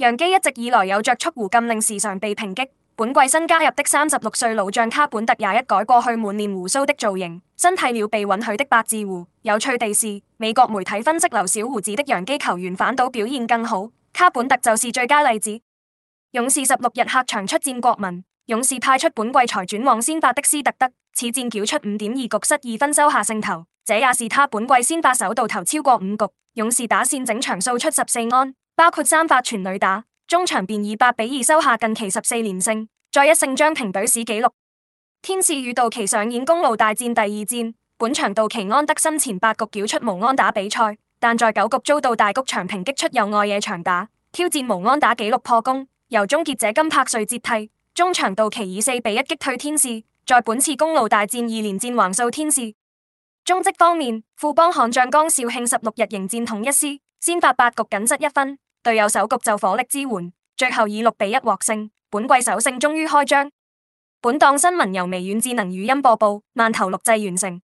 洋基一直以來有着蓄鬍禁令，時常被抨擊。本季新加入的三十六歲老將卡本特也一改過去滿臉鬍鬚的造型，新剃了被允許的八字鬍。有趣的是，美國媒體分析留小鬍子的洋基球員反倒表現更好，卡本特就是最佳例子。勇士十六日客場出戰國民，勇士派出本季才轉往先發的斯特德，德，此戰繳出五點二局失二分收下勝投，這也是他本季先發首度投超過五局。勇士打線整場掃出十四安。包括三發全壘打，中場便以八比二收下近期十四連勝，再一勝將平隊史紀錄。天使與道奇上演公路大戰第二戰，本場道奇安德森前八局繳出無安打比賽，但在九局遭到大谷翔平擊出右外野長打，挑戰無安打紀錄破功，由終結者金柏瑞接替。中場道奇以四比一擊退天使，在本次公路大戰二連戰橫掃天使。中職方面，富邦悍將江少慶十六日迎戰統一獅，先發八局僅失一分。隊友首局就火力支援，最後以六比一獲勝。本季首勝終於開張。本檔新聞由微軟智能語音播報，慢投錄製完成。